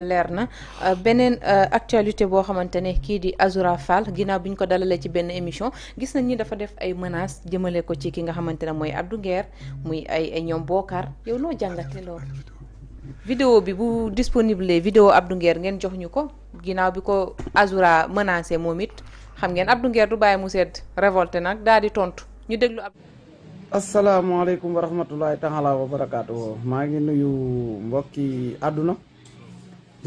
Lerna, euh, benen euh, actualité bo xamantene ki di azura Fall ginaaw bi ko dalalee ci benn émission gis nañ ni dafa def ay menaces jëmele ko ci ki nga xamantene moy addu guerre muy ay ñom Bokar yow no jàngate lool vidéo bi bu disponible vidéo Abdou Nguer ngeen jox ñuko ginaaw bi ko azura menacé momit xam ngeen Abdou Nguer du baye mu sét révolté nak daal di tontu ñu déglu assalamu alaykum wa rahmatullahi taala wa barakatuh ma ngi nuyu mbokki aduna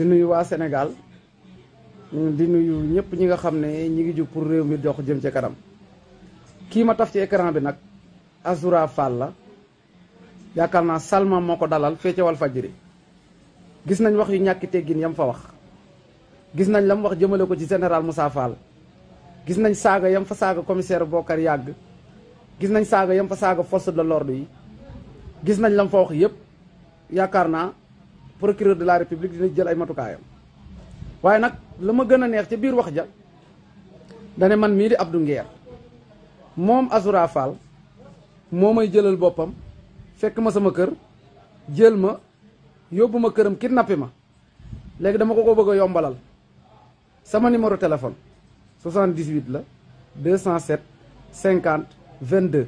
di nuyu waa Sénégal di nuyu ñëpp ñi nga xam ne ñi ngi jug pour réew mi dox jëm ci kanam kii ma taf ci écran bi nag Azoura Fall la yaakaar naa Salma moo ko dalal fee ca Walfadjri gis nañ wax yu ñàkki teggin yam fa wax gis nañ la mu wax jëmale ko ci général Moussa Fall gis nañ saaga yam fa saaga commissaire Bokar Yàgg gis nañ saaga yam fa saaga force de l'ordre yi gis nañ lam fa wax yëpp yaakaar naa procureur de la république dina jël ay matukayam waye nak lama gëna neex ci biir wax ja dane man mi di Abdou Nguer mom Azoura Fall momay jëlal bopam fekk ma sama kër jël ma yobuma kërëm kidnappé ma légui dama ko ko bëgg yombalal sama numéro téléphone 78 la 207 50 22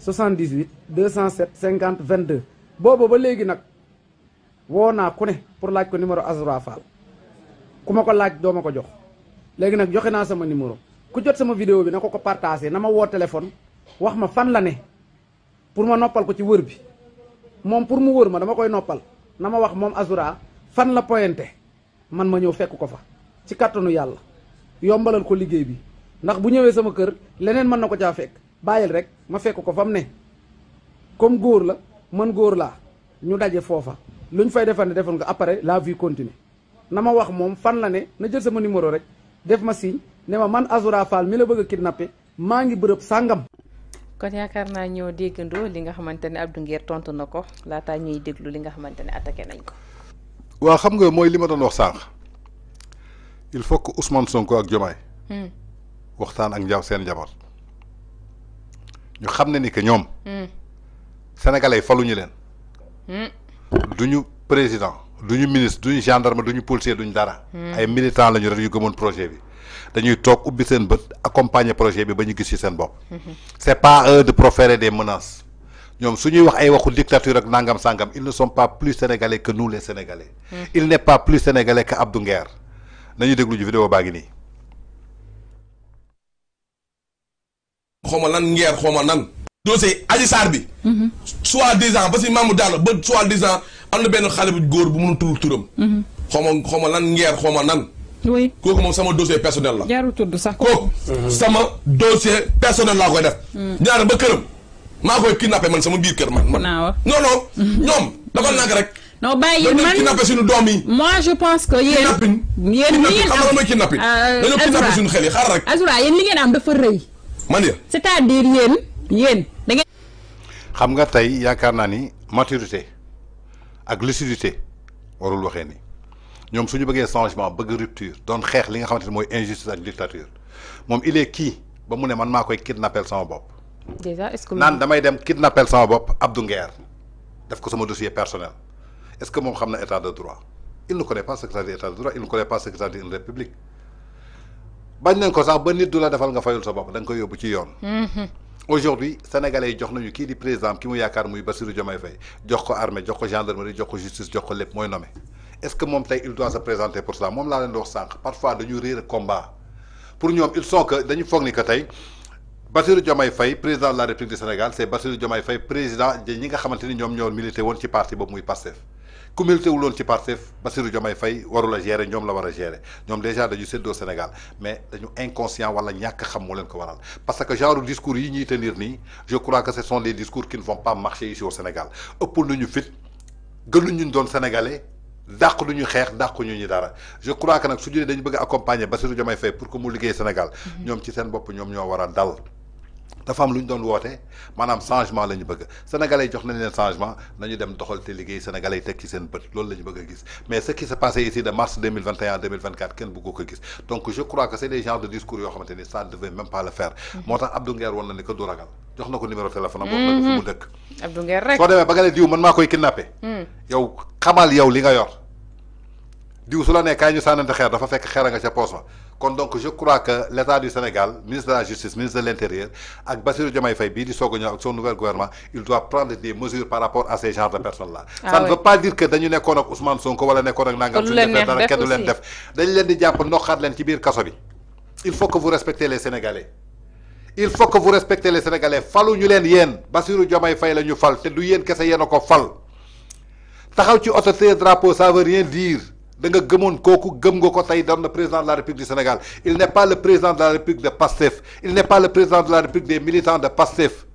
78 207 50 22 bobo ba légui nak wona ku ne pour laaj ko numéro azrafa Fall ku ma ko laaj doo ma ko jox legui nak joxe sama numéro ku jot sama vidéo bi na ko partager nama na téléphone wax ma fan la ne pour ma noppal ko ci wër bi mom pour mu wër ma dama koy noppal na wax mom azura fan la pointé man ma ñew fekk ko fa ci cartonu yalla yombalal ko liggéey bi nak bu ñewé sama kër lenen man nako ja fekk bayal rek ma fekk ko fa comme goor la man goor la ñu dajé fofa lu fay defar ne defoon nga après la vie continue na ma wax moom fan la ne na jël sama numéro rek def ma signe ne ma man Azoura Fall mi la bëgg a kidnappé maa ngi bërëb sàngam. kon yaakaar naa ñoo déggandoo li nga xamante ne Abdou Nguer tontu na ko laata ñuy déglu li nga xamante ne attaqué nañ ko. waaw xam nga mooy li ma doon wax sànq il faut que Ousmane Sonko ak Diomaye. Hmm. waxtaan ak njaaw seen njaboot. ñu xam ne ni que ñoom. Hmm. sénégalais faluñu leen. Hmm. du président du ministre du gendarme du policier du dara. Hmm. ay militants lañu rek yu gëmoon projet bi dañuy toog ubbi seen accompagner projet bi ba ñu gis ci seen bopp. Hmm. c'est pas eux de proférer des menaces. sommes su ñuy wax ay waxu dictature ak nangam sangam ils ne sont pas plus sénégalais que nous les sénégalais. Hmm. il n'est pas plus sénégalais que Abdou Nguer nañu déglu ju vidéo baa c'est à aji mhm. soit 10 ans parce que Mamou soit ans am ne tout bu tour mhm. lan nan. oui dossier personnel la. jaarul sax sama dossier personnel la mhm. koy def. ñaar ba koy kidnappé man sama biir non non. non moi je pense que je kidnapping xam euh, c'est-à-dire yéen xam nga tey yaakaar naa ni maturité ak lucidité warul waxee ni ñoom suñu bëggee changement bëgg rupture doon xeex li nga xamante ne mooy injustice ak dictature moom il est kii ba mu ne man maa koy kidnappel sama bopp. déjà est-ce que naan damay dem kidnappel sama bopp Abdou Nguer def ko sama dossier personnel est-ce que moom xam na état de droit il ne connaît pas ce que ça dit état de droit il ne connaît pas ce que ça dit une république bañ nañ ko sax ba nit du la defal nga fayul sa bopp da nga koy yóbbu ci yoon. -hmm aujourd'hui sénégalais yi jox nañu di président ki mu yaakaar muy Bassirou Diomaye Faye jox ko armée jox ko gendarmerie jox ko justice jox ko lépp nommé est-ce que mon tey il doit se présenter pour ça moom la leur di parfois de parfois dañu combat pour nous, ils sont que dañu foog ni que tey Bassirou Diomaye Faye président de la République du Sénégal c'est Bassirou Diomaye Faye président ñi nga xamante ni ñoom ñoo milité ci parti boobu muy Pastef communauté milité wu loon ci Pastef Bassirou Diomaye Faye warul la gérer ñoom la war gérer ñoom déjà dañu du Sénégal mais dañu inconscient wala ñàkk xam moo leen ko waral parce que genre discours yi ñuy tenir ni, je crois que ce sont des discours qui ne vont pas marcher ici au Sénégal ëpp nañu fit gënuñu ñu doon sénégalais dàq lu ñu xeex dàq ñu ñu dara je crois que nag su dañu bëgg accompagner Bassirou Diomaye Faye pour que nous liggéey Sénégal mhm. ñoom ci seen bopp ñoom ñoo war a dal. dafa am lu ñu doon woote maanaam changement la ñu bëgg sénégalais yi jox nañ leen changement nañu dem doxal te liggéey sénégalais yi teg ci seen bët loolu la ñu a gis mais ce qui s'est passé ici de mars 2021 à 2024 kenn bëggu ko gis donc je crois que c'est des de discours yoo xamante ni ça ne devait même pas le mhm. moo tax Abdou woon na ni que ragal jox na ko numéro téléphone am wax fu mu mhm. dëkk Abdou diw su la nee kaay ñu sànnante xeer dafa fekk xeer nga ca poos ba kon donc je crois que l' état du Sénégal ministre de la justice ministre de l' intérieur ak Bassirou Diomaye Faye bii di soog a ñëw ak son nouvel gouvernement il doit prendre des mesures par rapport à ces genres de personnes là. Ah ça ne veut pas dire que dañu nekkoon ak Ousmane Sonko wala nekkoon ak. nangam suñu defee dara kenn du leen def dañ leen di jàpp ndoxaat leen ci biir kaso bi. il faut que vous respectez les Sénégalais. il faut que vous respectez les Sénégalais falu ñu leen yéen Bassirou Diomaye Faye la ñu fal te du yéen kese yéen a ko fal taxaw ci oto drapeau ça veut rien dire président la république du Sénégal il n'est pas le président de la république de Passif. il n'est pas le président de la république des militants de Passif.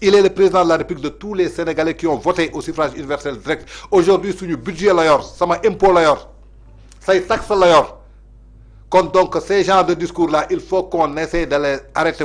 il est le président de la république de tous les Sénégalais qui ont voté au suffrage universel direct aujourd'hui sous le budget la yor impôt la yor taxe donc ces genres de discours là il faut qu'on essaie de les arrêter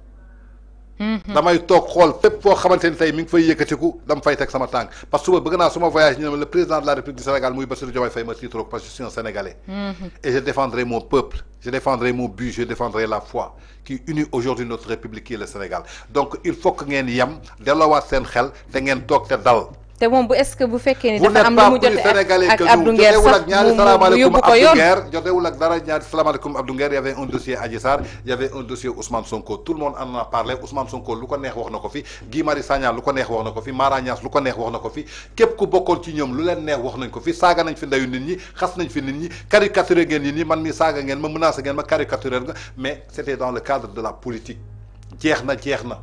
Mhm. damay toog xool fépp foo xamante ni tey mi ngi fay yëkkatiku dama fay teg sama tànk parce que suba bëgg naa suma voyage ñu ne le président de la république du Sénégal muy Bassirou Diomaye Faye ma titre parce que je suis un Sénégalais mhm. et je défendrai mon peuple je défendrai mon but je défendrai la foi qui unit aujourd'hui notre république qui est le Sénégal donc il faut que ngeen yam delloowaat seen xel te ngeen toog te dal te moom bu est-ce que bu fekkee ni dafa am lu mu jotté ak Abdou Nguer sax mu yóbbu ko jotté jotewul ak dara ñaari salaamaaleykum Abdou Nguer y avait un dossier Adji sar y avait un dossier Ousmane Sonko tout le monde en a parlé Ousmane Sonko lu ko neex wax na fi gui mari Sagna lu ko neex wax na fi Mara Niass lu ko neex wax na fi kep ku bokkoon ci ñom lu len neex wax nañ ko fi saga nañ fi ndayu nit ñi xass nañ fi nit ñi caricaturer ngeen nit ñi man mi saga ngeen ma menacé ngeen ma caricaturer nga mais c'était dans le cadre de la politique jeex na jeex na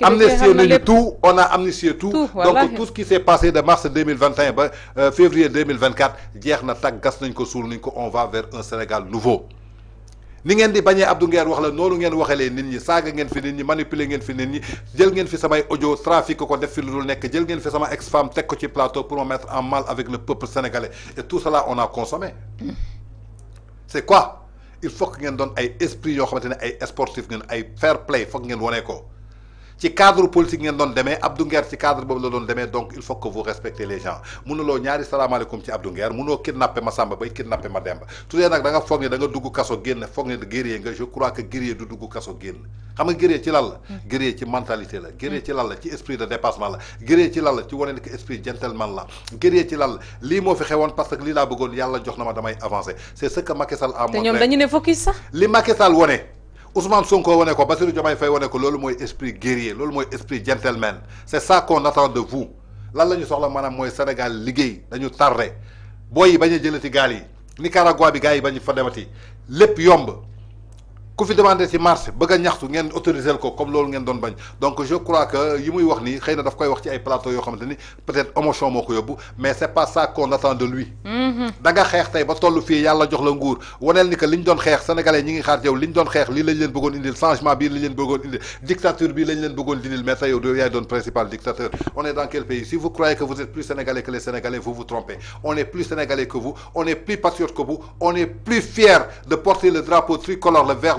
amnistier nañu tout on a amnistié tout donc tout ce qui s'est passé de mars 2021 à euh, février 2024 hier na tag ko ko on va vers un Sénégal nouveau ni ngeen di bañee Abdou Nguer wax la nonu ngeen waxalee nit ñi saga ngeen fi nit ñi manipuler ngeen fi nit ñi jël ngeen fi sama audio trafic ko def fi lu dul nekk jël ngeen fi sama ex femme tek ko ci plateau pour me mettre en mal avec le peuple sénégalais et tout cela on a consommé c'est quoi il faut que ngeen doon ay esprit yo xamante ay sportif ngeen ay fair play que ngeen wonee ko ci cadre politique ngeen doon demee Abdou Nguer ci cadre boobu la doon demee donc il faut que vous respectez les gens mënuloo ñaari salaamaaleykum ci Abdou Nguer mënoo kidnappé ma Samba bay kidnappé ma Demba su dee nag da nga foog ne da nga dugg kaso génn foog ne guerrier nga je crois que guerrier du dugg kaso génn xam nga guerrier ci lan la mm. guerrier ci mentalité la guerrier mm. ci lan la ci esprit de dépassement la guerrier ci lan la ci wane ni que esprit gentleman la guerrier ci lan la lii moo fi xewoon parce que lii laa bëggoon yàlla jox na ma damay avancé c'est ce que Macky Sall a montré te ñoom dañu ne focus sax li Macky Sall wone Ousmane Sonko woné ko Bassirou Diomaye Faye woné ko lolu moy esprit guerrier lolu moy esprit gentleman c'est ça qu'on attend de vous lan lañu soxla manam moy Sénégal liguey dañu tarre booy yi bañ jëlati gaal yi Nicaragua bi gars yi bañ fa demati yomb ku fi si ci marché bëgg a ñaxtu ngeen autorisé ko comme loolu ngeen don bañ donc je crois que yimuy wax ni xeyna daf koy wax ci ay plateau yo xamanteni peut-être émotion moko yobbu mais c'est pas ça qu'on attend de lui mm-hmm. da nga xex tay ba tollu fi yalla jox la nguur Wonel ni que liñ don xex sénégalais ñi ngi xaar yow liñ don xex li lañ leen bëggoon indil changement bi lañ leen bëggoon indil dictature bi lañ leen bëggoon indil mais tay yow do yaay don principal dictateur on est dans quel pays si vous croyez que vous êtes plus sénégalais que les sénégalais vous vous trompez on est plus sénégalais que vous on est plus patriote que vous on est plus fier de porter le drapeau tricolore le vert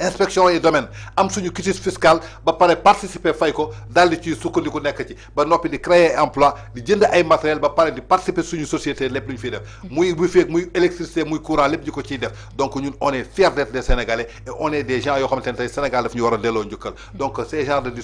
inspection et domaine am suñu quitus fiscal ba paré participer fay ko daal di ciy sukkandiku nekk ci ba nopi di créer emploi di jënd ay matériel ba paré di participer suñu société lépp lu ñu def muy bu feeg muy électricité muy courant lepp ñu ko ciy def donc ñun on est fiers d'être des Sénégalais et on est des gens yoo xamante tay Sénégal daf ñu war a delloo donc ces genre de